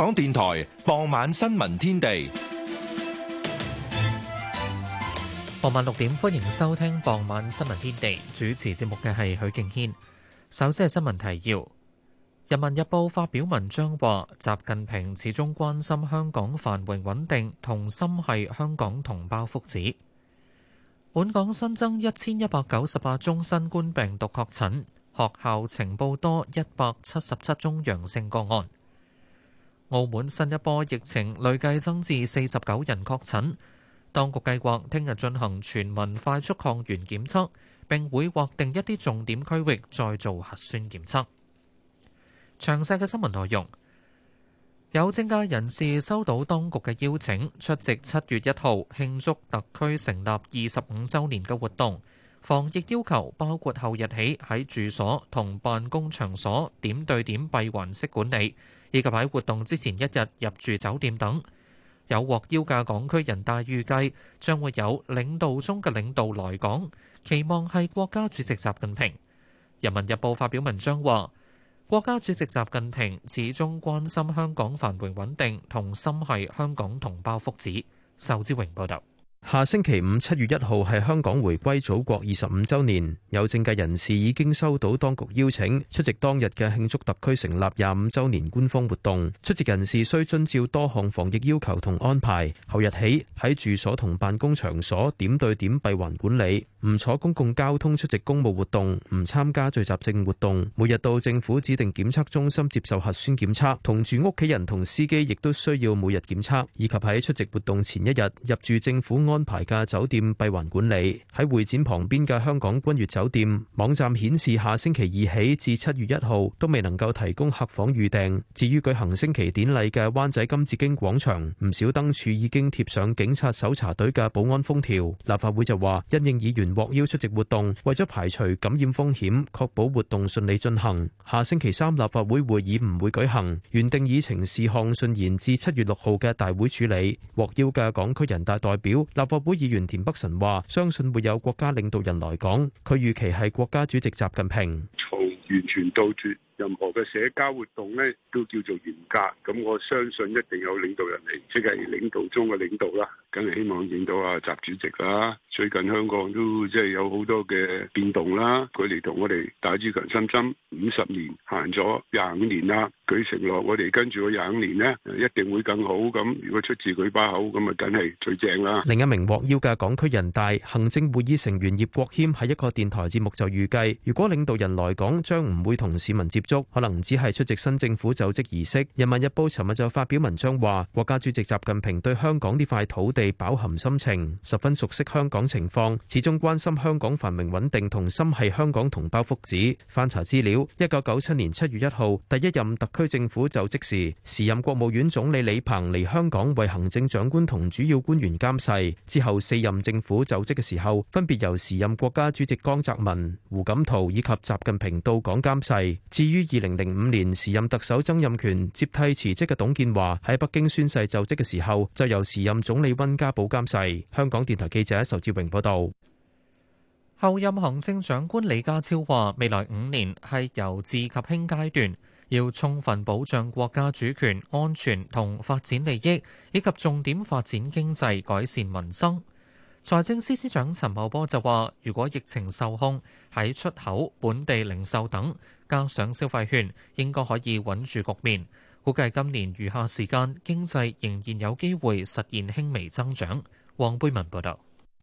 香港電台傍晚新聞天地，傍晚六點歡迎收聽傍晚新聞天地。主持節目嘅係許敬軒。首先係新聞提要。《人民日報》發表文章話，習近平始終關心香港繁榮穩定，同心繫香港同胞福祉。本港新增一千一百九十八宗新冠病毒確診，學校情報多一百七十七宗陽性個案。澳門新一波疫情累計增至四十九人確診，當局計劃聽日進行全民快速抗原檢測，並會劃定一啲重點區域再做核酸檢測。詳細嘅新聞內容，有政界人士收到當局嘅邀請出席七月一號慶祝特區成立二十五周年嘅活動，防疫要求包括後日起喺住所同辦公場所點對點閉環式管理。以及喺活動之前一日入住酒店等。有獲邀嘅港區人大預計將會有領導中嘅領導來港，期望係國家主席習近平。人民日報發表文章話國家主席習近平始終關心香港繁榮穩定，同心繫香港同胞福祉。仇志榮報道。下星期五七月一號係香港回歸祖國二十五周年，有政界人士已經收到當局邀請出席當日嘅慶祝特區成立廿五周年官方活動。出席人士需遵照多項防疫要求同安排。後日起喺住所同辦公場所點對點閉環管理，唔坐公共交通出席公務活動，唔參加聚集性活動。每日到政府指定檢測中心接受核酸檢測，同住屋企人同司機亦都需要每日檢測，以及喺出席活動前一日入住政府。安排嘅酒店閉環管理喺會展旁邊嘅香港君悅酒店，網站顯示下星期二起至七月一號都未能夠提供客房預訂。至於舉行升旗典禮嘅灣仔金紫荊廣場，唔少燈柱已經貼上警察搜查隊嘅保安封條。立法會就話，因應議員獲邀出席活動，為咗排除感染風險，確保活動順利進行，下星期三立法會會議唔會舉行，原定議程事項順延至七月六號嘅大會處理。獲邀嘅港區人大代表。立法會議員田北辰話：相信會有國家領導人來港，佢預期係國家主席習近平從完全到絕。任何嘅社交活動咧，都叫做嚴格。咁我相信一定有領導人嚟，即係領導中嘅領導啦。梗係希望見到啊，習主席啊，最近香港都即係有好多嘅變動啦。佢嚟同我哋打支強心針，五十年行咗廿五年啦。佢承諾我哋跟住佢廿五年呢，一定會更好。咁如果出自佢把口，咁咪梗係最正啦。另一名獲邀嘅港區人大行政會議成員葉國謙喺一個電台節目就預計，如果領導人來港，將唔會同市民接。可能只係出席新政府就職儀式，《人民日報》尋日就發表文章話，國家主席習近平對香港呢塊土地飽含深情，十分熟悉香港情況，始終關心香港繁榮穩定同心係香港同胞福祉。翻查資料，一九九七年七月一號，第一任特區政府就職時，時任國務院總理李鵬嚟香港為行政長官同主要官員監誓。之後四任政府就職嘅時候，分別由時任國家主席江澤民、胡錦濤以及習近平到港監誓。至於於二零零五年，時任特首曾蔭權接替辭職嘅董建華喺北京宣誓就職嘅時候，就由時任總理溫家寶監誓。香港電台記者仇志榮報道。後任行政長官李家超話，未來五年係由治及興階段，要充分保障國家主權、安全同發展利益，以及重點發展經濟、改善民生。財政司司長陳茂波就話，如果疫情受控，喺出口、本地零售等，加上消費券，應該可以穩住局面。估計今年餘下時間，經濟仍然有機會實現輕微增長。黃貝文報道。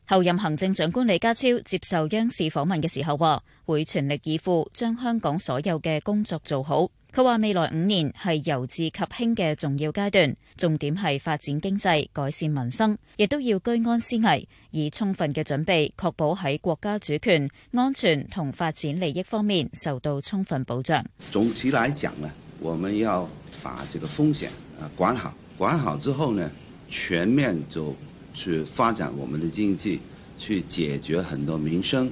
後任行政長官李家超接受央視訪問嘅時候話，會全力以赴將香港所有嘅工作做好。佢話：未來五年係由治及興嘅重要階段，重點係發展經濟、改善民生，亦都要居安思危，以充分嘅準備確保喺國家主權、安全同發展利益方面受到充分保障。總之嚟講呢，我們要把這個風險啊管好，管好之後呢，全面就去發展我們的經濟，去解決很多民生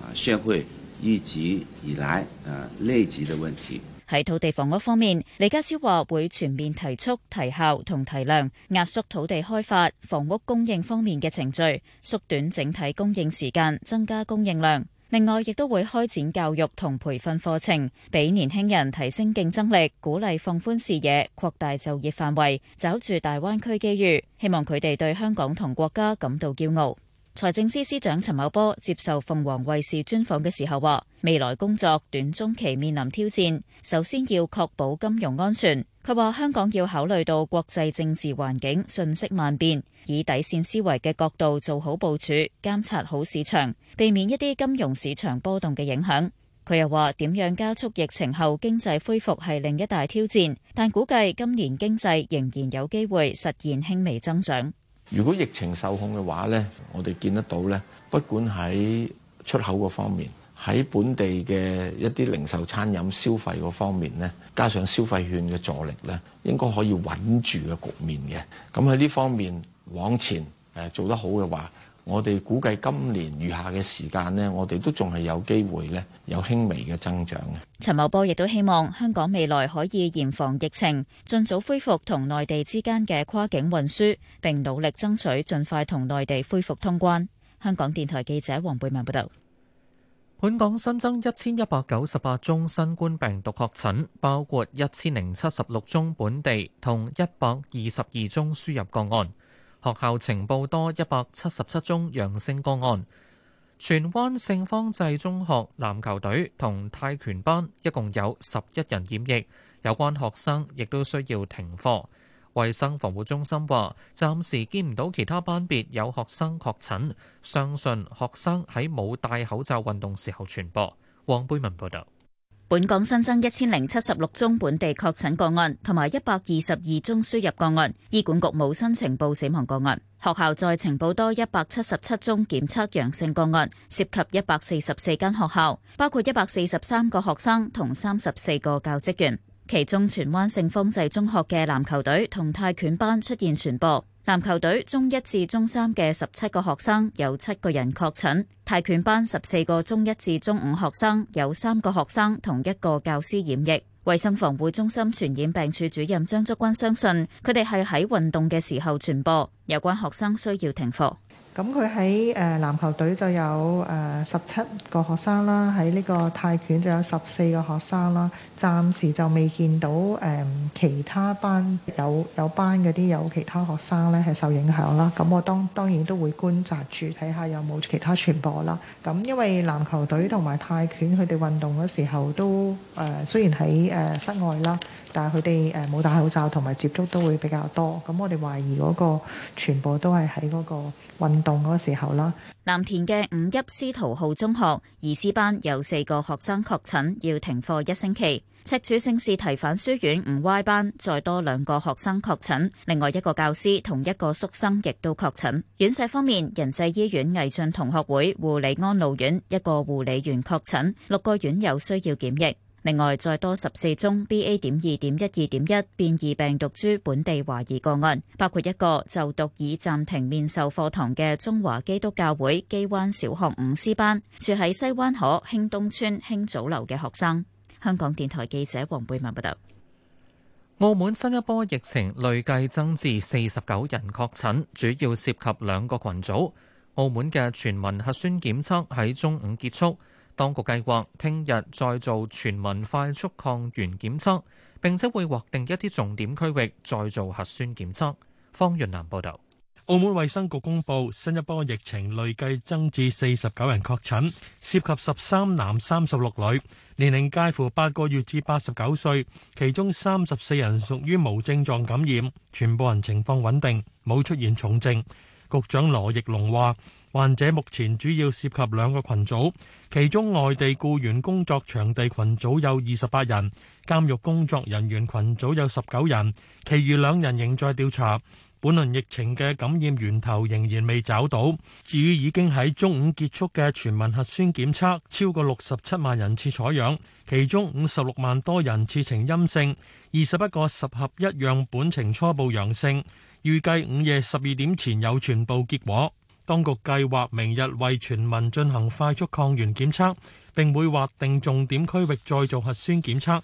啊、社會一直以來啊累積嘅問題。喺土地房屋方面，李家超話會全面提速、提效同提量，壓縮土地開發、房屋供應方面嘅程序，縮短整體供應時間，增加供應量。另外，亦都會開展教育同培訓課程，俾年輕人提升競爭力，鼓勵放寬視野，擴大就業範圍，抓住大灣區機遇。希望佢哋對香港同國家感到驕傲。財政司司長陳茂波接受鳳凰衛視專訪嘅時候話，未來工作短中期面臨挑戰，首先要確保金融安全。佢話香港要考慮到國際政治環境瞬息萬變，以底線思維嘅角度做好部署，監察好市場，避免一啲金融市場波動嘅影響。佢又話，點樣加速疫情後經濟恢復係另一大挑戰，但估計今年經濟仍然有機會實現輕微增長。如果疫情受控嘅話，呢我哋見得到呢，不管喺出口個方面，喺本地嘅一啲零售餐飲消費個方面呢，加上消費券嘅助力呢，應該可以穩住嘅局面嘅。咁喺呢方面往前誒做得好嘅話。我哋估計今年餘下嘅時間呢，我哋都仲係有機會呢，有輕微嘅增長嘅。陳茂波亦都希望香港未來可以嚴防疫情，盡早恢復同內地之間嘅跨境運輸，並努力爭取盡快同內地恢復通關。香港電台記者黃貝文報道。本港新增一千一百九十八宗新冠病毒確診，包括一千零七十六宗本地同一百二十二宗輸入個案。學校呈報多一百七十七宗陽性個案，荃灣聖方濟中學籃球隊同泰拳班一共有十一人染疫，有關學生亦都需要停課。衛生防護中心話，暫時見唔到其他班別有學生確診，相信學生喺冇戴口罩運動時候傳播。黃貝文報道。本港新增一千零七十六宗本地確診個案，同埋一百二十二宗輸入個案。醫管局冇新呈報死亡個案。學校再呈報多一百七十七宗檢測陽性個案，涉及一百四十四間學校，包括一百四十三個學生同三十四個教職員，其中荃灣聖芳濟中學嘅籃球隊同泰拳班出現傳播。籃球隊中一至中三嘅十七個學生有七個人確診，泰拳班十四個中一至中五學生有三個學生同一個教師染疫。衛生防護中心傳染病處主任張竹君相信，佢哋係喺運動嘅時候傳播。有關學生需要停課。咁佢喺，誒籃球隊就有誒十七個學生啦，喺呢個泰拳就有十四個學生啦。暫時就未見到誒、呃、其他班有有班嗰啲有其他學生咧係受影響啦。咁我當當然都會觀察住睇下有冇其他傳播啦。咁因為籃球隊同埋泰拳佢哋運動嗰時候，都誒、呃、雖然喺誒、呃、室外啦，但係佢哋誒冇戴口罩同埋接觸都會比較多。咁我哋懷疑嗰個傳播都係喺嗰個運。當嗰時候啦，南田嘅五邑司徒浩中學二師班有四個學生確診，要停課一星期。赤柱聖士提反書院五歪班再多兩個學生確診，另外一個教師同一個宿生亦都確診。院舍方面，仁濟醫院藝進同學會護理安老院一個護理員確診，六個院友需要檢疫。另外，再多十四宗 BA. 點二點一二點一變異病毒株本地懷疑個案，包括一個就讀已暫停面授課堂嘅中華基督教會基灣小學五 C 班，住喺西灣河興東邨興祖樓嘅學生。香港電台記者黃貝文報道。澳門新一波疫情累計增至四十九人確診，主要涉及兩個群組。澳門嘅全民核酸檢測喺中午結束。當局計劃聽日再做全民快速抗原檢測，並且會劃定一啲重點區域再做核酸檢測。方潤南報導。澳門衛生局公布新一波疫情累計增至四十九人確診，涉及十三男三十六女，年齡介乎八個月至八十九歲，其中三十四人屬於無症狀感染，全部人情況穩定，冇出現重症。局長羅奕龍話。患者目前主要涉及兩個群組，其中外地僱員工作場地群組有二十八人，監獄工作人員群組有十九人，其餘兩人仍在調查。本輪疫情嘅感染源頭仍然未找到。至於已經喺中午結束嘅全民核酸檢測，超過六十七萬人次採樣，其中五十六萬多人次呈陰性，二十一個十合一樣本呈初步陽性，預計午夜十二點前有全部結果。當局計劃明日為全民進行快速抗原檢測，並會劃定重點區域再做核酸檢測。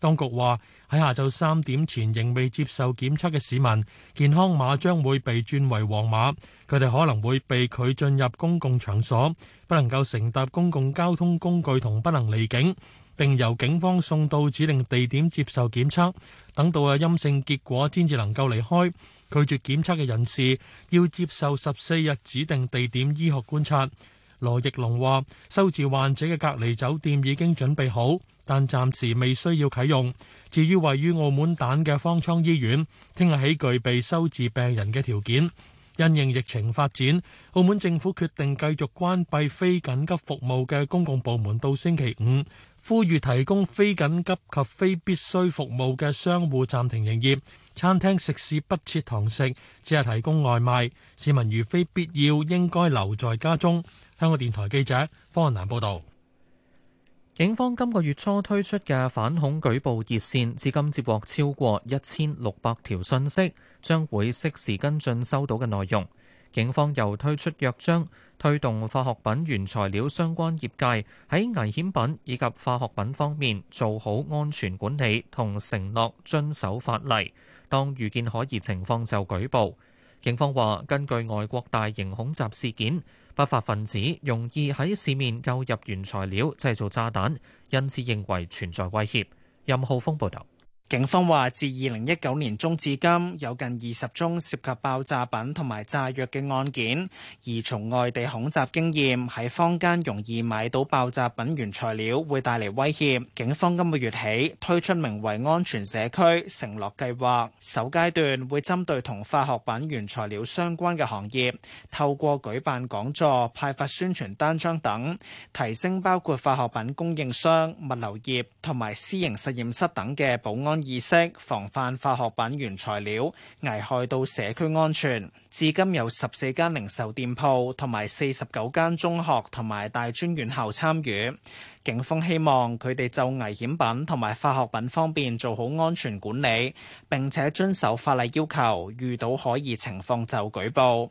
當局話，喺下晝三點前仍未接受檢測嘅市民，健康碼將會被轉為黃碼，佢哋可能會被拒進入公共場所，不能夠乘搭公共交通工具同不能離境。並由警方送到指定地點接受檢測，等到有陰性結果先至能夠離開。拒絕檢測嘅人士要接受十四日指定地點醫學觀察。羅奕龍話：收治患者嘅隔離酒店已經準備好，但暫時未需要啟用。至於位於澳門蛋嘅方艙醫院，聽日起具備收治病人嘅條件。因應疫情發展，澳門政府決定繼續關閉非緊急服務嘅公共部門到星期五。呼籲提供非緊急及非必須服務嘅商戶暫停營業，餐廳食肆不設堂食，只係提供外賣。市民如非必要，應該留在家中。香港電台記者方文南報道：警方今個月初推出嘅反恐舉報熱線，至今接獲超過一千六百條信息，將會適時跟進收到嘅內容。警方又推出約章，推動化學品原材料相關業界喺危險品以及化學品方面做好安全管理，同承諾遵守法例。當遇見可疑情況就舉報。警方話，根據外國大型恐襲事件，不法分子容易喺市面購入原材料製造炸彈，因此認為存在威脅。任浩峰報導。警方話，自二零一九年中至今，有近二十宗涉及爆炸品同埋炸藥嘅案件。而從外地恐襲經驗，喺坊間容易買到爆炸品原材料會帶嚟威脅。警方今個月起推出名為「安全社區承諾計劃」，首階段會針對同化學品原材料相關嘅行業，透過舉辦講座、派發宣傳單張等，提升包括化學品供應商、物流業同埋私營實驗室等嘅保安。意識防範化學品原材料危害到社區安全。至今有十四間零售店鋪同埋四十九間中學同埋大專院校參與。警方希望佢哋就危險品同埋化學品方面做好安全管理，並且遵守法例要求。遇到可疑情況就舉報。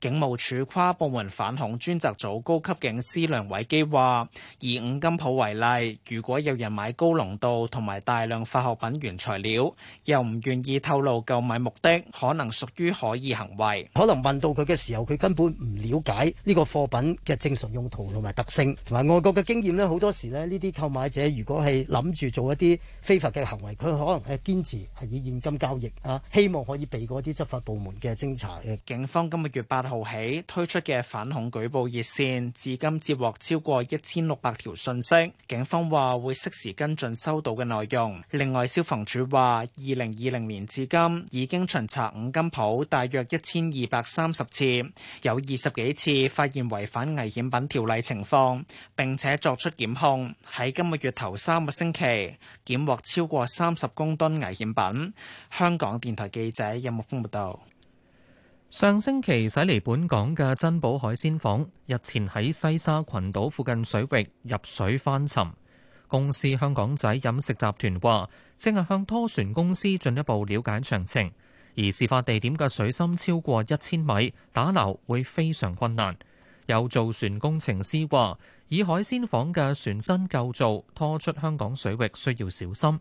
警務處跨部門反恐專責組高級警司梁偉基話：「以五金鋪為例，如果有人買高濃度同埋大量化學品原材料，又唔願意透露購買目的，可能屬於可疑行為。可能問到佢嘅時候，佢根本唔了解呢個貨品嘅正常用途同埋特性，同外國嘅經驗咧，好多時咧呢啲購買者如果係諗住做一啲非法嘅行為，佢可能係堅持係以現金交易啊，希望可以避過啲執法部門嘅偵查。警方今個月八號起推出嘅反恐舉報熱線，至今接獲超過一千六百條訊息，警方話會適時跟進收到嘅內容。另外，消防處話，二零二零年至今已經巡查五金鋪大約一千二百三十次，有二十幾次發現違反危險品條例情況，並且作出檢控。喺今個月頭三個星期，檢獲超過三十公噸危險品。香港電台記者任木峰報道，上星期駛離本港嘅珍寶海鮮舫日前喺西沙群島附近水域入水翻沉。公司香港仔飲食集團話，正係向拖船公司進一步了解詳情。而事發地點嘅水深超過一千米，打撈會非常困難。有造船工程師話，以海鮮舫嘅船身構造拖出香港水域需要小心。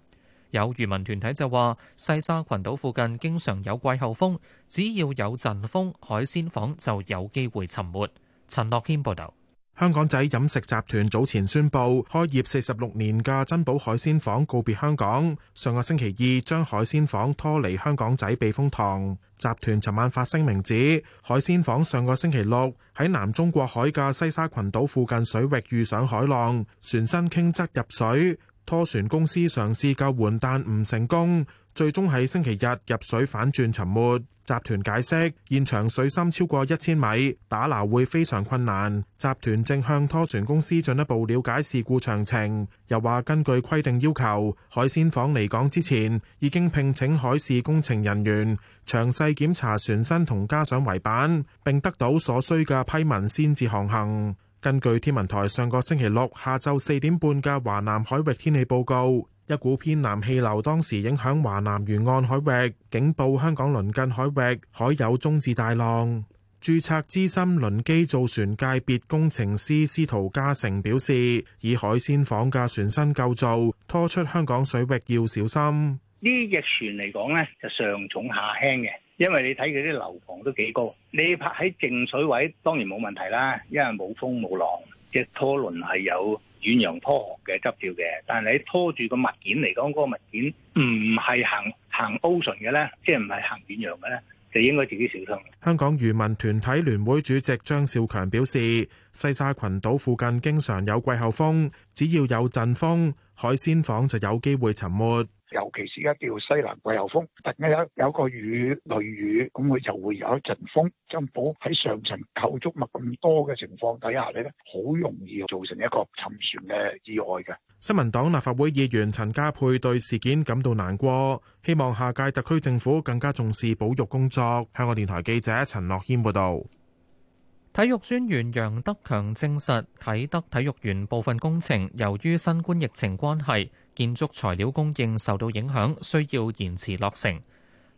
有漁民團體就話，西沙群島附近經常有季候風，只要有陣風，海鮮舫就有機會沉沒。陳樂軒報導。香港仔飲食集團早前宣布，開業四十六年嘅珍寶海鮮舫告別香港。上個星期二，將海鮮舫拖離香港仔避風塘。集團尋晚發聲明指，海鮮舫上個星期六喺南中國海嘅西沙群島附近水域遇上海浪，船身傾側入水，拖船公司嘗試救援但唔成功。最終喺星期日入水反轉沉沒。集團解釋，現場水深超過一千米，打撈會非常困難。集團正向拖船公司進一步了解事故詳情。又話根據規定要求，海鮮舫離港之前已經聘請海事工程人員詳細檢查船身同加上圍板，並得到所需嘅批文先至航行。根據天文台上個星期六下晝四點半嘅華南海域天氣報告。一股偏南氣流當時影響華南沿岸海域，警報香港鄰近海域海有中至大浪。註冊資深輪機造船界別工程師司徒嘉誠表示，以海鮮舫嘅船身構造拖出香港水域要小心。呢隻船嚟講呢，就上重下輕嘅，因為你睇佢啲樓房都幾高，你泊喺淨水位當然冇問題啦，因為冇風冇浪，隻拖輪係有遠洋拖航嘅執照嘅，但係你拖住個物件嚟講，嗰個物件唔係行行 Ocean 嘅咧，即係唔係行遠洋嘅咧，就應該自己小心。香港漁民團體聯會主席張兆強表示，西沙群島附近經常有季候風，只要有陣風，海鮮舫就有機會沉沒。尤其是而家叫西南季候風，突然有有個雨、雷雨，咁佢就會有一陣風，將保喺上層構築物咁多嘅情況底下咧，好容易造成一個沉船嘅意外嘅。新民黨立法會議員陳家佩對事件感到難過，希望下屆特區政府更加重視保育工作。香港電台記者陳樂軒報導。體育專員楊德強證實，啟德體育園部分工程由於新冠疫情關係。建築材料供應受到影響，需要延遲落成。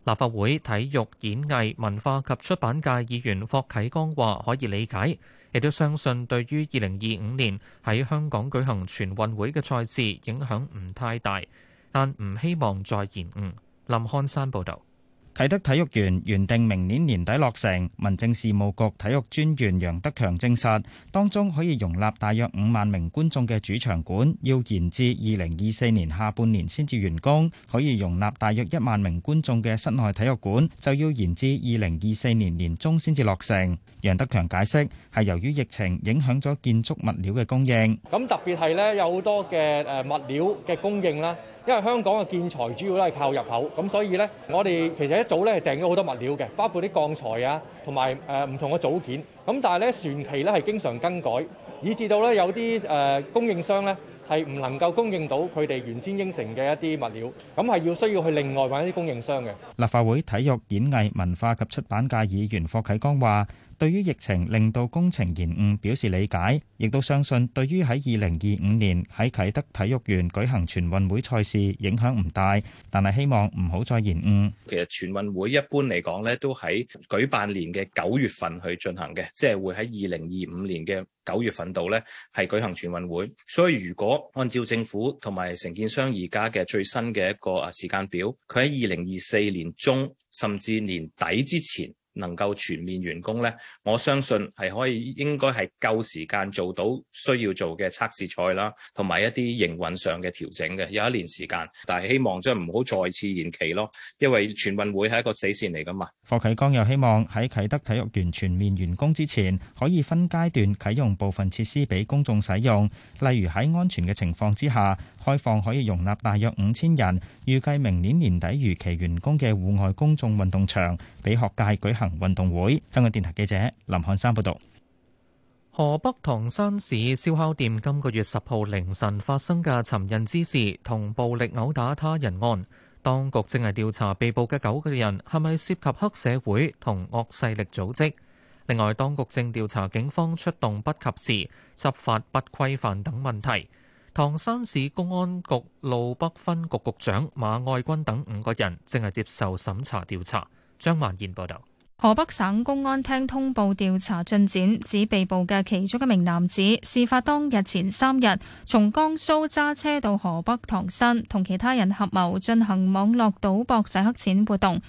立法會體育演藝文化及出版界議員霍啟剛話：可以理解，亦都相信對於二零二五年喺香港舉行全運會嘅賽事影響唔太大，但唔希望再延誤。林漢山報道。啟德體育園原定明年年底落成，民政事務局體育專員楊德強證實，當中可以容納大約五萬名觀眾嘅主場館要延至二零二四年下半年先至完工，可以容納大約一萬名觀眾嘅室內體育館就要延至二零二四年年中先至落成。楊德強解釋係由於疫情影響咗建築物料嘅供應，咁特別係咧有好多嘅誒物料嘅供應啦。因為香港嘅建材主要都係靠入口，咁所以咧我哋其實一早咧係訂咗好多物料嘅，包括啲鋼材啊，同埋誒唔同嘅組件。咁但係咧船期咧係經常更改，以至到咧有啲誒供應商咧係唔能夠供應到佢哋原先應承嘅一啲物料，咁係要需要去另外揾一啲供應商嘅。立法會體育、演藝、文化及出版界議員霍啟剛話。對於疫情令到工程延誤，表示理解，亦都相信對於喺二零二五年喺啟德體育園舉行全運會賽事影響唔大，但係希望唔好再延誤。其實全運會一般嚟講咧，都喺舉辦年嘅九月份去進行嘅，即係會喺二零二五年嘅九月份度咧係舉行全運會。所以如果按照政府同埋承建商而家嘅最新嘅一個啊時間表，佢喺二零二四年中甚至年底之前，能夠全面完工呢，我相信係可以，應該係夠時間做到需要做嘅測試賽啦，同埋一啲營運上嘅調整嘅有一年時間，但係希望即係唔好再次延期咯，因為全運會係一個死線嚟噶嘛。霍啟剛又希望喺啟德體育園全面完工之前，可以分階段啟用部分設施俾公眾使用，例如喺安全嘅情況之下。開放可以容納大約五千人，預計明年年底如期完工嘅戶外公眾運動場，俾學界舉行運動會。香港電台記者林漢山報導。河北唐山市燒烤店今個月十號凌晨發生嘅尋釁滋事同暴力毆打他人案，當局正係調查被捕嘅九個人係咪涉及黑社會同惡勢力組織。另外，當局正調查警方出動不及時、執法不規範等問題。唐山市公安局路北分局局長馬愛軍等五個人正係接受審查調查。張萬燕報道，河北省公安廳通報調查進展，指被捕嘅其中一名男子，事發當日前三日，從江蘇揸車到河北唐山，同其他人合謀進行網絡賭博洗黑錢活動。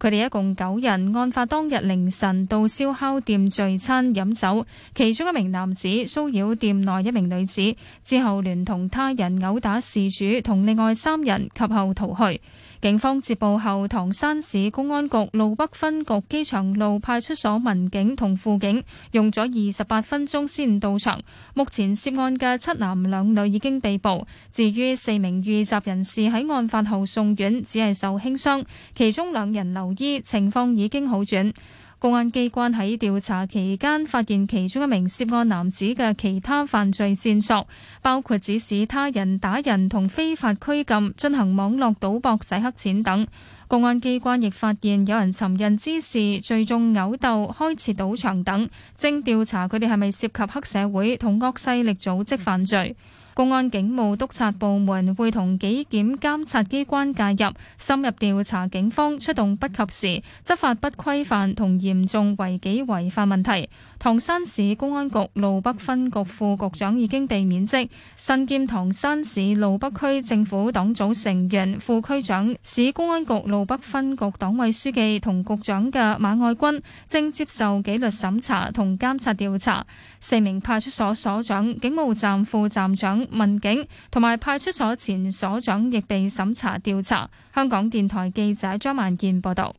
佢哋一共九人，案發當日凌晨到燒烤店聚餐飲酒，其中一名男子騷擾店內一名女子，之後聯同他人毆打事主，同另外三人及後逃去。警方接報後，唐山市公安局路北分局機場路派出所民警同輔警用咗二十八分鐘先到場。目前涉案嘅七男兩女已經被捕。至於四名遇襲人士喺案發後送院，只係受輕傷，其中兩人留醫，情況已經好轉。公安機關喺調查期間發現其中一名涉案男子嘅其他犯罪線索，包括指使他人打人同非法拘禁、進行網絡賭博、洗黑錢等。公安機關亦發現有人尋釁滋事、聚眾毆鬥、開設賭場等，正調查佢哋係咪涉及黑社會同惡勢力組織犯罪。公安警務督察部門會同紀檢監察機關介入，深入調查警方出動不及時、執法不規範同嚴重違紀違法問題。唐山市公安局路北分局副局長已經被免職，身兼唐山市路北區政府黨組成員、副區長、市公安局路北分局黨委書記同局長嘅馬愛君正接受紀律審查同監察調查。四名派出所所長、警務站副站長。民警同埋派出所前所長亦被審查調查。香港電台記者張萬健報道。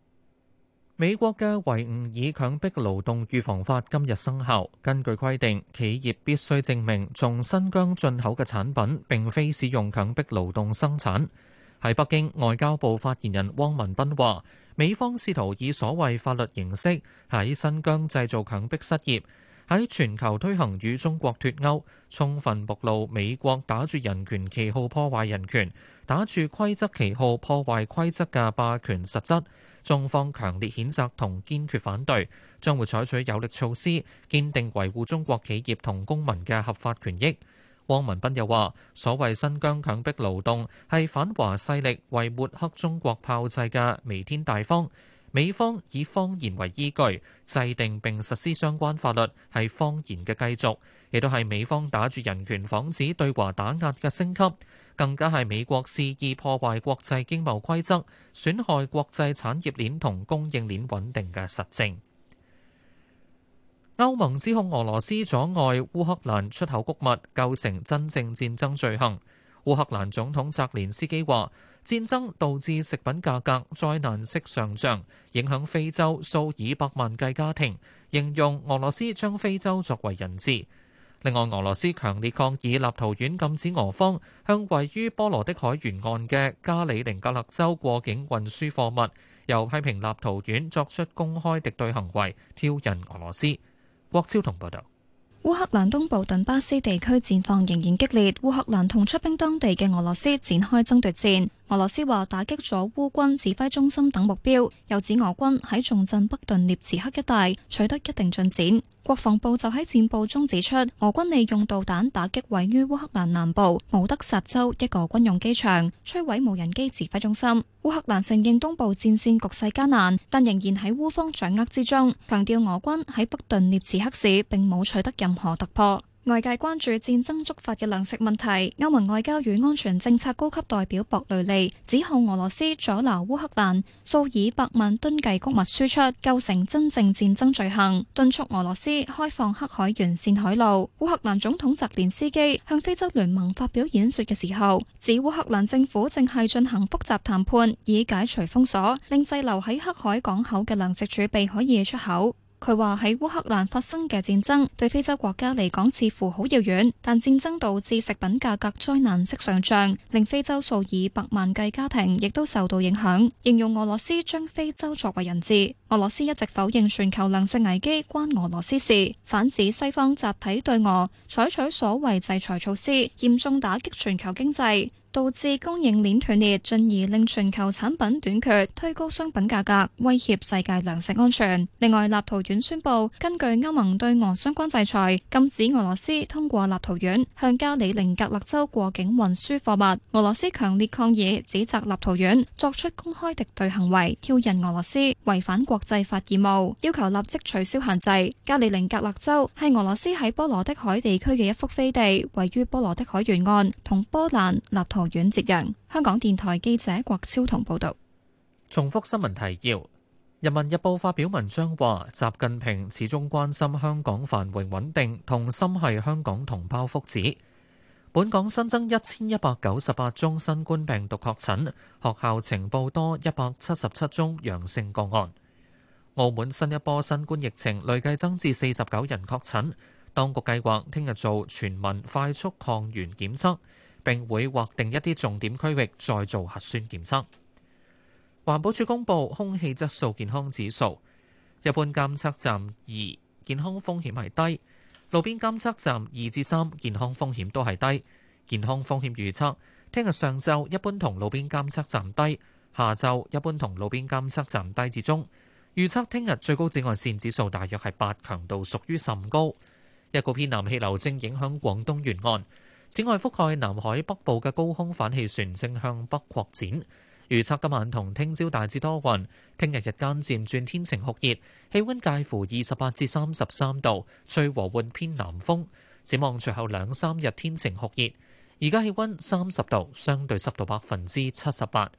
美國嘅《維吾爾強迫勞動預防法》今日生效。根據規定，企業必須證明從新疆進口嘅產品並非使用強迫勞動生產。喺北京，外交部發言人汪文斌話，美方試圖以所謂法律形式喺新疆製造強迫失業，喺全球推行與中國脫鉤，充分暴露美國打住人權旗號破壞人權、打住規則旗號破壞規則嘅霸權實質。中方強烈譴責同堅決反對，將會採取有力措施，堅定維護中國企業同公民嘅合法權益。汪文斌又話：所謂新疆強迫迫勞動係反華勢力為抹黑中國炮製嘅彌天大謊。美方以謊言為依據制定並實施相關法律，係謊言嘅繼續，亦都係美方打住人權幌子對華打壓嘅升級，更加係美國肆意破壞國際經貿規則，損害國際產業鏈同供應鏈穩定嘅實證。歐盟指控俄羅斯阻礙烏克蘭出口谷物，構成真正戰爭罪行。烏克蘭總統澤連斯基話。戰爭導致食品價格災難式上漲，影響非洲數以百萬計家庭。形容俄羅斯將非洲作為人質。另外，俄羅斯強烈抗議立陶宛禁止俄方向位於波羅的海沿岸嘅加里寧格勒州過境運輸貨物，又批評立陶宛作出公開敵對行為，挑釁俄羅斯。郭超同報導。烏克蘭東部頓巴斯地區戰況仍然激烈，烏克蘭同出兵當地嘅俄羅斯展開爭奪戰。俄羅斯話打擊咗烏軍指揮中心等目標，又指俄軍喺重鎮北頓涅茨克一帶取得一定進展。國防部就喺戰報中指出，俄軍利用導彈打擊位於烏克蘭南部敖德薩州一個軍用機場，摧毀無人機指揮中心。烏克蘭承認東部戰線局勢艱難，但仍然喺烏方掌握之中，強調俄軍喺北頓涅茨克市並冇取得任何突破。外界關注戰爭觸發嘅糧食問題。歐盟外交與安全政策高級代表博雷利指控俄羅斯阻撓烏克蘭數以百萬噸計穀物輸出，構成真正戰爭罪行，敦促俄羅斯開放黑海沿綫海路。烏克蘭總統澤連斯基向非洲聯盟發表演說嘅時候，指烏克蘭政府正係進行複雜談判，以解除封鎖，令滯留喺黑海港口嘅糧食儲備可以出口。佢話喺烏克蘭發生嘅戰爭，對非洲國家嚟講似乎好遙遠，但戰爭導致食品價格災難式上漲，令非洲數以百萬計家庭亦都受到影響。形容俄羅斯將非洲作為人質，俄羅斯一直否認全球糧食危機關俄羅斯事，反指西方集體對俄採取所謂制裁措施，嚴重打擊全球經濟。導致供應鏈斷裂，進而令全球產品短缺，推高商品價格，威脅世界糧食安全。另外，立陶宛宣布根據歐盟對俄相關制裁，禁止俄羅斯通過立陶宛向加里寧格勒州過境運輸貨物。俄羅斯強烈抗議，指責立陶宛作出公開敵對行為，挑釁俄羅斯，違反國際法義務，要求立即取消限制。加里寧格勒州係俄羅斯喺波羅的海地區嘅一幅飛地，位於波羅的海沿岸，同波蘭、立陶。望院揭陽，香港電台記者郭超同報道。重複新聞提要：人民日報發表文章話，習近平始終關心香港繁榮穩定，同心繫香港同胞福祉。本港新增一千一百九十八宗新冠病毒確診，學校情報多一百七十七宗陽性個案。澳門新一波新冠疫情累計增至四十九人確診，當局計劃聽日做全民快速抗原檢測。並會劃定一啲重點區域，再做核酸檢測。環保署公布空氣質素健康指數，一般監測站二，健康風險係低；路邊監測站二至三，3，健康風險都係低。健康風險預測，聽日上晝一般同路邊監測站低，下晝一般同路邊監測站低至中。預測聽日最高紫外線指數大約係八，強度屬於甚高。一個偏南氣流正影響廣東沿岸。此外，覆蓋南海北部嘅高空反氣旋正向北擴展。預測今晚同聽朝大致多雲，聽日日間漸轉天晴酷熱，氣溫介乎二十八至三十三度，吹和緩偏南風，展望隨後兩三日天晴酷熱，而家氣溫三十度，相對濕度百分之七十八。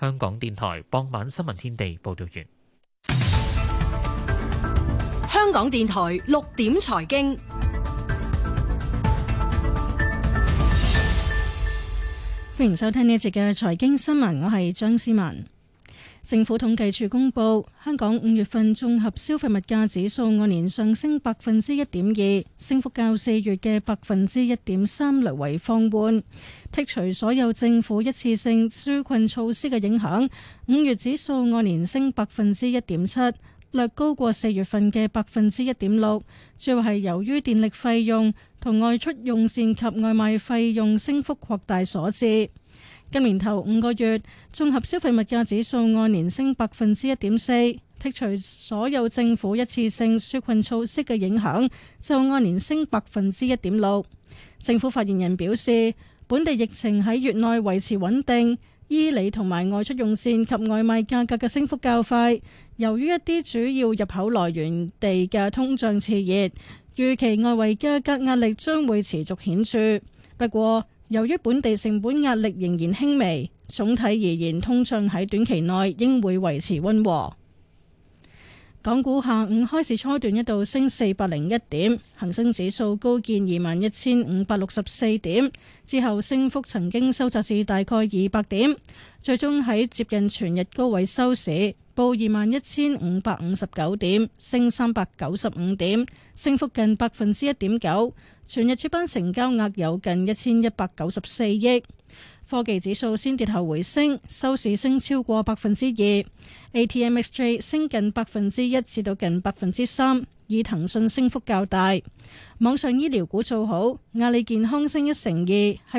香港電台傍晚新聞天地報道完。香港電台六點財經。歡迎收聽呢一節嘅財經新聞，我係張思文。政府統計處公布，香港五月份綜合消費物價指數按年上升百分之一點二，升幅較四月嘅百分之一點三略為放緩。剔除所有政府一次性紓困措施嘅影響，五月指數按年升百分之一點七。略高過四月份嘅百分之一點六，主要係由於電力費用同外出用膳及外賣費用升幅擴大所致。今年頭五個月綜合消費物價指數按年升百分之一點四，剔除所有政府一次性紓困措施嘅影響，就按年升百分之一點六。政府發言人表示，本地疫情喺月內維持穩定，衣履同埋外出用膳及外賣價格嘅升幅較快。由於一啲主要入口來源地嘅通脹熾熱，預期外圍價格壓力將會持續顯著。不過，由於本地成本壓力仍然輕微，總體而言通脹喺短期內應會維持溫和。港股下午開市初段一度升四百零一點，恒生指數高見二萬一千五百六十四點之後，升幅曾經收窄至大概二百點，最終喺接近全日高位收市。報二萬一千五百五十九點，升三百九十五點，升幅近百分之一點九。全日主板成交額有近一千一百九十四億。科技指數先跌後回升，收市升超過百分之二。ATMXJ 升近百分之一至到近百分之三。以騰訊升幅較大，網上醫療股做好，阿里健康升一成二，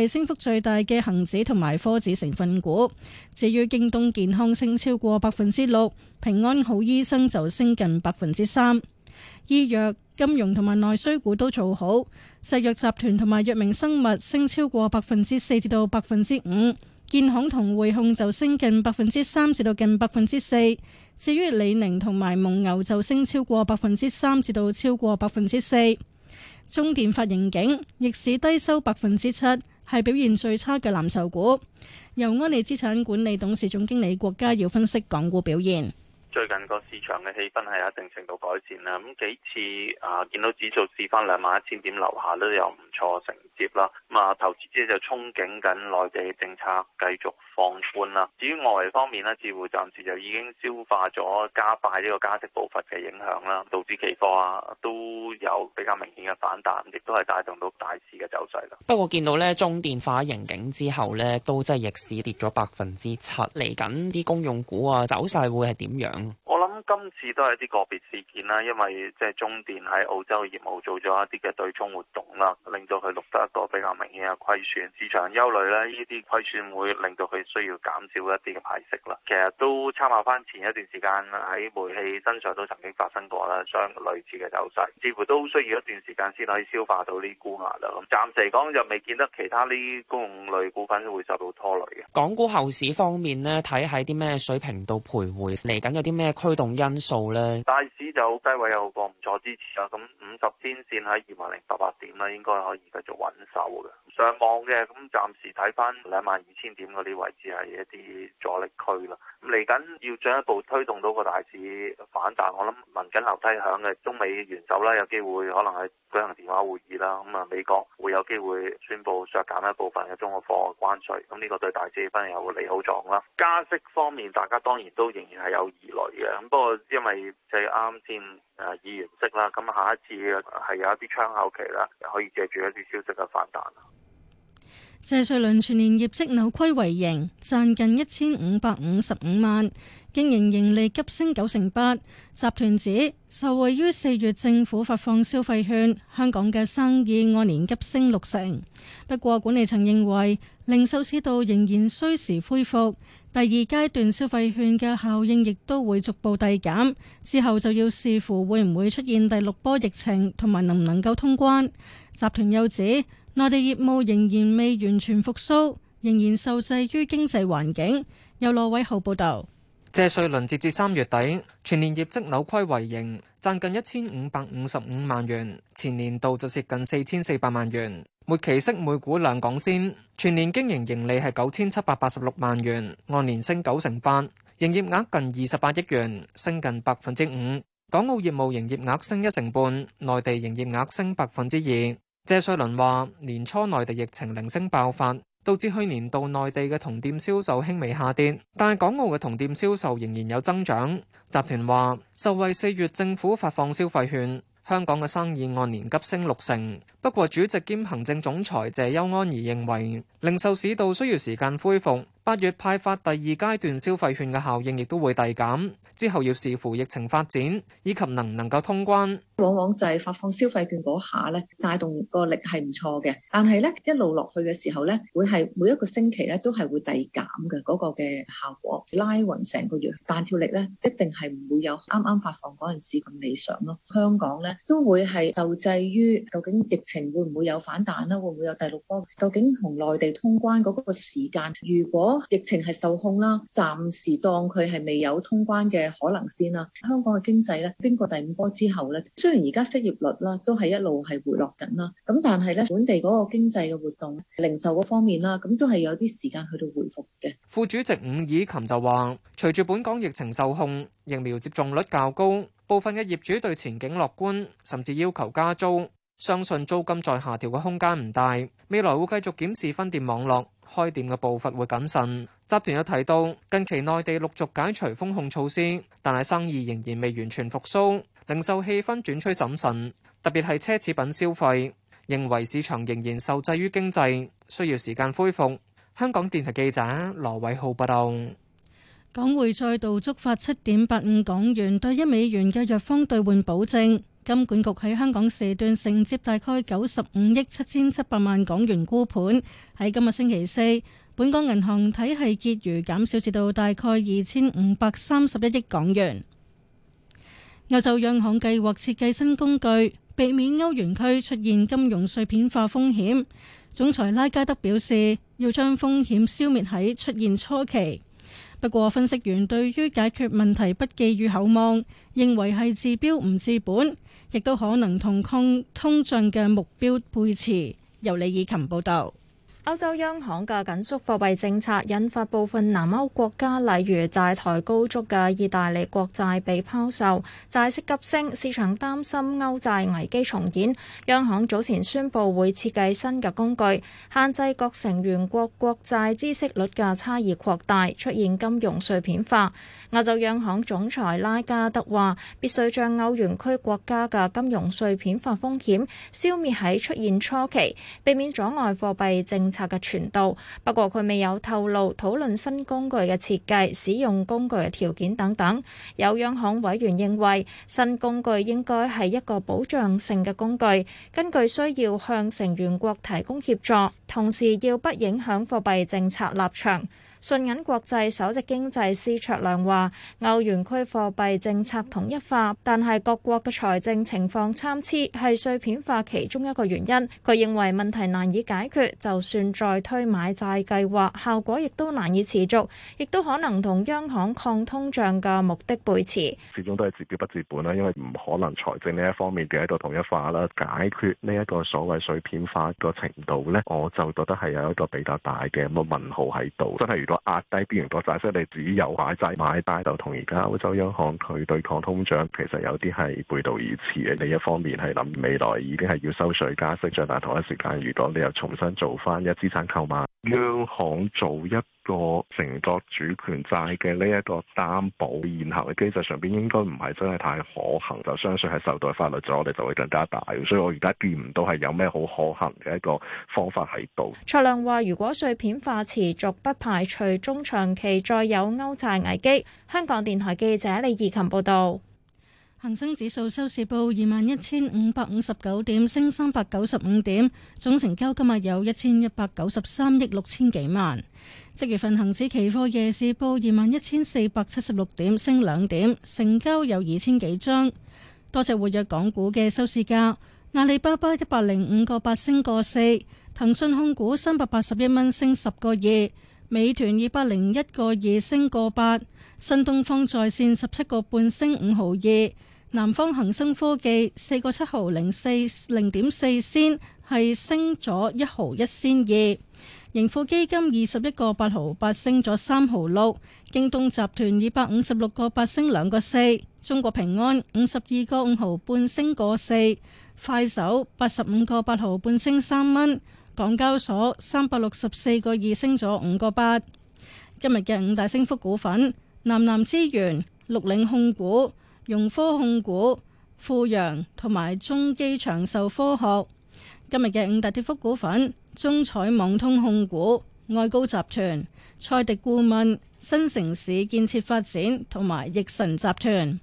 係升幅最大嘅恒指同埋科指成分股。至於京東健康升超過百分之六，平安好醫生就升近百分之三。醫藥、金融同埋內需股都做好，石藥集團同埋藥明生物升超過百分之四至到百分之五。建行同匯控就升近百分之三至到近百分之四，至於李寧同埋蒙牛就升超過百分之三至到超過百分之四，中電發盈警逆市低收百分之七，係表現最差嘅藍籌股。由安利資產管理董事總經理郭家耀分析港股表現。最近個市場嘅氣氛係有一定程度改善啦，咁幾次啊見到指數試翻兩萬一千點樓下都有唔錯承接啦，咁啊投資者就憧憬緊內地政策繼續放寬啦。至於外圍方面呢，似乎暫時就已經消化咗加快呢個加息步伐嘅影響啦，導致期貨啊都有比較明顯嘅反彈，亦都係帶動到大市嘅走勢啦。不過見到咧中電化刑警之後咧，都真係逆市跌咗百分之七，嚟緊啲公用股啊走勢會係點樣？嗯、我諗今次都係一啲個別事件啦，因為即係中電喺澳洲業務做咗一啲嘅對沖活動啦，令到佢錄得一個比較明顯嘅虧損。市場憂慮咧，呢啲虧損會令到佢需要減少一啲嘅派息啦。其實都參考翻前一段時間喺煤氣身上都曾經發生過啦，相類似嘅走勢，似乎都需要一段時間先可以消化到呢沽壓，啦，咁暫時嚟講就未見得其他呢啲公用類股份會受到拖累。港股後市方面呢，睇喺啲咩水平度徘徊，嚟緊有啲。啲咩驅動因素呢？大市就好低位有個唔錯支持啊，咁五十天線喺二萬零八八點啦，應該可以繼續穩守嘅。上望嘅，咁暫時睇翻兩萬二千點嗰啲位置係一啲阻力區啦。咁嚟緊要進一步推動到個大市反彈，我諗聞緊樓梯響嘅中美元首啦，有機會可能係舉行電話會議啦。咁啊，美國會有機會宣布削減一部分嘅中國貨關稅，咁呢個對大市翻有利好作用啦。加息方面，大家當然都仍然係有疑慮嘅。咁不過因為就啱先誒議完息啦，咁下一次係有一啲窗口期啦，可以借住一啲消息嘅反彈。謝瑞麟全年業績扭虧為盈，賺近一千五百五十五萬，經營盈利急升九成八。集團指受惠於四月政府發放消費券，香港嘅生意按年急升六成。不過管理層認為零售市道仍然需時恢復，第二階段消費券嘅效應亦都會逐步遞減。之後就要視乎會唔會出現第六波疫情同埋能唔能夠通關。集團又指，內地業務仍然未完全復蘇，仍然受制於經濟環境。由羅偉浩報道，謝瑞麟截至三月底，全年業績扭虧為盈，賺近一千五百五十五萬元，前年度就蝕近四千四百萬元。末期息每股兩港仙，全年經營盈利係九千七百八十六萬元，按年升九成八，營業額近二十八億元，升近百分之五。港澳業務營業額升一成半，內地營業額升百分之二。謝瑞麟話：年初內地疫情零星爆發，導致去年度內地嘅同店銷售輕微下跌，但係港澳嘅同店銷售仍然有增長。集團話受惠四月政府發放消費券，香港嘅生意按年急升六成。不過，主席兼行政總裁謝邱安儀認為零售市道需要時間恢復，八月派發第二階段消費券嘅效應亦都會遞減。之後要視乎疫情發展，以及能唔能夠通關。往往就係發放消費券嗰下咧，帶動個力係唔錯嘅。但係咧一路落去嘅時候咧，會係每一個星期咧都係會遞減嘅嗰個嘅效果，拉勻成個月彈跳力咧一定係唔會有啱啱發放嗰陣時咁理想咯。香港咧都會係受制於究竟疫情會唔會有反彈啦，會唔會有第六波？究竟同內地通關嗰個時間，如果疫情係受控啦，暫時當佢係未有通關嘅。可能先啦。香港嘅經濟咧，經過第五波之後咧，雖然而家失業率啦，都係一路係回落緊啦。咁但係咧，本地嗰個經濟嘅活動，零售嗰方面啦，咁都係有啲時間去到回復嘅。副主席伍以琴就話，隨住本港疫情受控，疫苗接種率較高，部分嘅業主對前景樂觀，甚至要求加租。相信租金再下調嘅空間唔大，未來會繼續檢視分店網絡。開店嘅步伐會謹慎。集團又提到，近期內地陸續解除封控措施，但係生意仍然未完全復甦，零售氣氛轉趨審慎，特別係奢侈品消費，認為市場仍然受制於經濟，需要時間恢復。香港電台記者羅偉浩報道。港匯再度觸發七點八五港元對一美元嘅弱方兌換保證。金管局喺香港時段承接大概九十五億七千七百萬港元沽盤。喺今日星期四，本港銀行體系結餘減少至到大概二千五百三十一億港元。歐洲央行計劃設計新工具，避免歐元區出現金融碎片化風險。總裁拉加德表示，要將風險消滅喺出現初期。不過，分析員對於解決問題不寄予厚望，認為係治標唔治本，亦都可能同抗通脹嘅目標背馳。由李以琴報導。歐洲央行嘅緊縮貨幣政策引發部分南歐國家，例如債台高築嘅意大利國債被拋售，債息急升，市場擔心歐債危機重演。央行早前宣布會設計新嘅工具，限制各成員國國債孳息率嘅差異擴大，出現金融碎片化。歐洲央行總裁拉加德話：必須將歐元區國家嘅金融碎片化風險消滅喺出現初期，避免阻礙貨幣政政策嘅傳導，不過佢未有透露討論新工具嘅設計、使用工具嘅條件等等。有央行委員認為，新工具應該係一個保障性嘅工具，根據需要向成員國提供協助，同時要不影響貨幣政策立場。信銀國際首席經濟師卓亮話：歐元區貨幣政策統一化，但係各國嘅財政情況參差，係碎片化其中一個原因。佢認為問題難以解決，就算再推買債計劃，效果亦都難以持續，亦都可能同央行抗通脹嘅目的背馳。始終都係治標不治本啦，因為唔可能財政呢一方面掉喺度統一化啦，解決呢一個所謂碎片化個程度呢，我就覺得係有一個比較大嘅咁嘅問號喺度，個壓低必然個債息，你只有買債買債，就同而家歐洲央行佢對抗通脹，其實有啲係背道而馳嘅。你一方面係諗未來已經係要收稅加息咗，但同一時間，如果你又重新做翻一資產購買。央行做一個承作主權債嘅呢一個擔保，現行嘅機制上邊應該唔係真係太可行，就相信係受到法律阻力，我哋就會更加大。所以我而家見唔到係有咩好可行嘅一個方法喺度。蔡亮話：如果碎片化持續，不排除中長期再有歐債危機。香港電台記者李義琴報道。恒生指數收市報二萬一千五百五十九點，升三百九十五點，總成交今日有一千一百九十三億六千幾萬。即月份恒指期貨夜市報二萬一千四百七十六點，升兩點，成交有二千幾張。多隻活躍港股嘅收市價：阿里巴巴一百零五個八升個四，騰訊控股三百八十一蚊升十個二，美團二百零一個二升個八，新東方在線十七個半升五毫二。南方恒生科技四個七毫零四零點四仙，係升咗一毫一仙二。盈富基金二十一個八毫八升咗三毫六。京東集團二百五十六個八升兩個四。中國平安五十二個五毫半升個四。快手八十五個八毫半升三蚊。港交所三百六十四個二升咗五個八。今日嘅五大升幅股份：南南資源、綠嶺控股。融科控股、富陽同埋中基長壽科學。今日嘅五大跌幅股份：中彩網通控股、愛高集團、賽迪顧問、新城市建設發展同埋易神集團。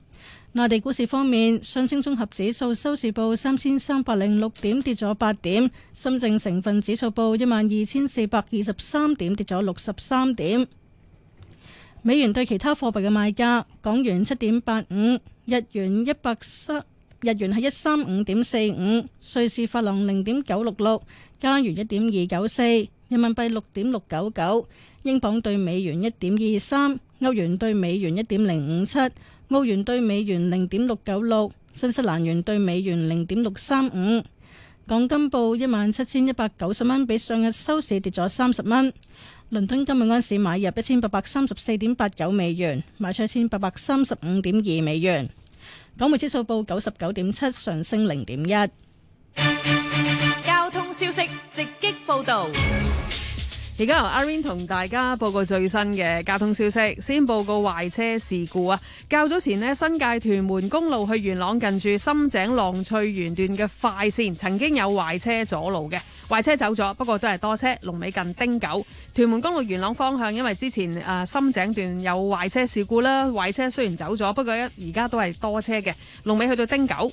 內地股市方面，上證綜合指數收市報三千三百零六點，跌咗八點；深證成分指數報一萬二千四百二十三點，跌咗六十三點。美元對其他貨幣嘅賣價：港元七點八五，日元一百三，日元係一三五點四五，瑞士法郎零點九六六，加元一點二九四，人民幣六點六九九，英鎊對美元一點二三，歐元對美元一點零五七，澳元對美元零點六九六，新西蘭元對美元零點六三五。港金報一萬七千一百九十蚊，比上日收市跌咗三十蚊。倫敦金晏市買入一千八百三十四點八九美元，賣出一千八百三十五點二美元。港匯指數報九十九點七，上升零點一。交通消息直擊報道。而家由阿 Vin 同大家報告最新嘅交通消息。先報告壞車事故啊！較早前呢，新界屯門公路去元朗近住深井浪翠園段嘅快線，曾經有壞車阻路嘅。壞車走咗，不過都係多車，龍尾近汀九。屯門公路元朗方向，因為之前誒深井段有壞車事故啦，壞車雖然走咗，不過一而家都係多車嘅，龍尾去到汀九。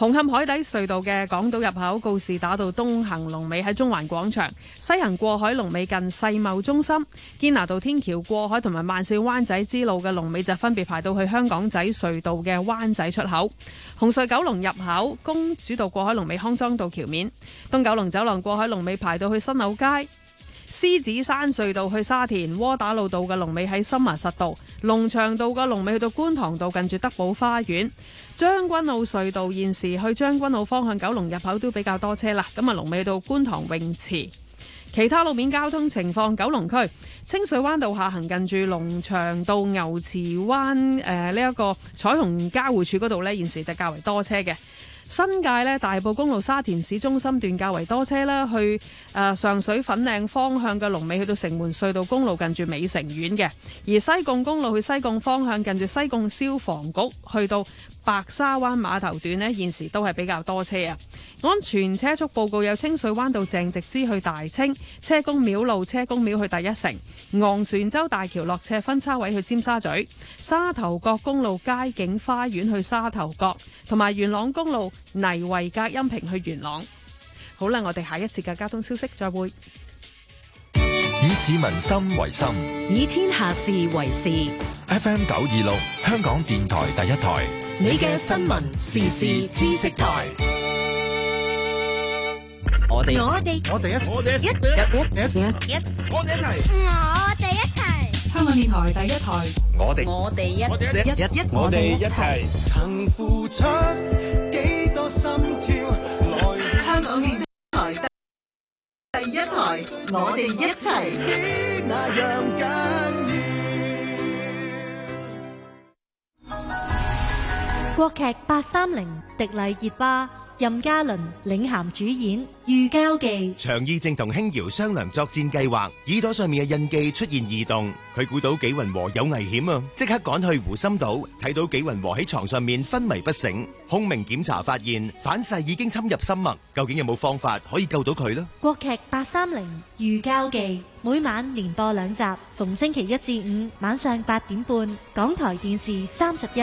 紅磡海底隧道嘅港島入口告士打道東行龍尾喺中環廣場，西行過海龍尾近世貿中心，堅拿道天橋過海同埋萬勝灣仔支路嘅龍尾就分別排到去香港仔隧道嘅灣仔出口。紅隧九龍入口公主道過海龍尾康莊道橋面，東九龍走廊過海龍尾排到去新柳街。獅子山隧道去沙田窩打老道嘅龍尾喺森麻實道，龍翔道嘅龍尾去到觀塘道近住德寶花園，將軍澳隧道現時去將軍澳方向九龍入口都比較多車啦，咁啊龍尾到觀塘泳池。其他路面交通情況，九龍區清水灣道下行近住龍翔道牛池灣誒呢一個彩虹交匯處嗰度呢現時就較為多車嘅。新界咧大埔公路沙田市中心段較為多車啦，去誒、呃、上水粉嶺方向嘅龍尾去到城門隧道公路近住美城苑嘅，而西貢公路去西貢方向近住西貢消防局去到白沙灣碼頭段呢，現時都係比較多車啊。安全車速報告有清水灣道鄭直支去大清、車公廟路車公廟去第一城、昂船洲大橋落斜分叉位去尖沙咀、沙頭角公路街景花園去沙頭角，同埋元朗公路。泥圍隔音屏去元朗，好啦，我哋下一節嘅交通消息再會。以市民心為心，以天下事為事。F M 九二六香港電台第一台，你嘅新聞時事知識台。我哋我哋我哋一我哋一齊，我哋一齊。香港電台第一台，我哋我哋我哋一我哋一齊。曾付出。心跳香港電台第一台，對我哋一齊國劇八三零，迪麗熱巴、任嘉倫領銜主演《馭鮫記》，長意正同輕瑤商量作戰計劃，耳朵上面嘅印記出現異動，佢估到紀雲禾有危險啊！即刻趕去湖心島，睇到紀雲禾喺床上面昏迷不醒，空明檢查發現反噬已經侵入心脈，究竟有冇方法可以救到佢呢？國劇八三零《馭鮫記》每晚連播兩集，逢星期一至五晚上八點半，港台電視三十一。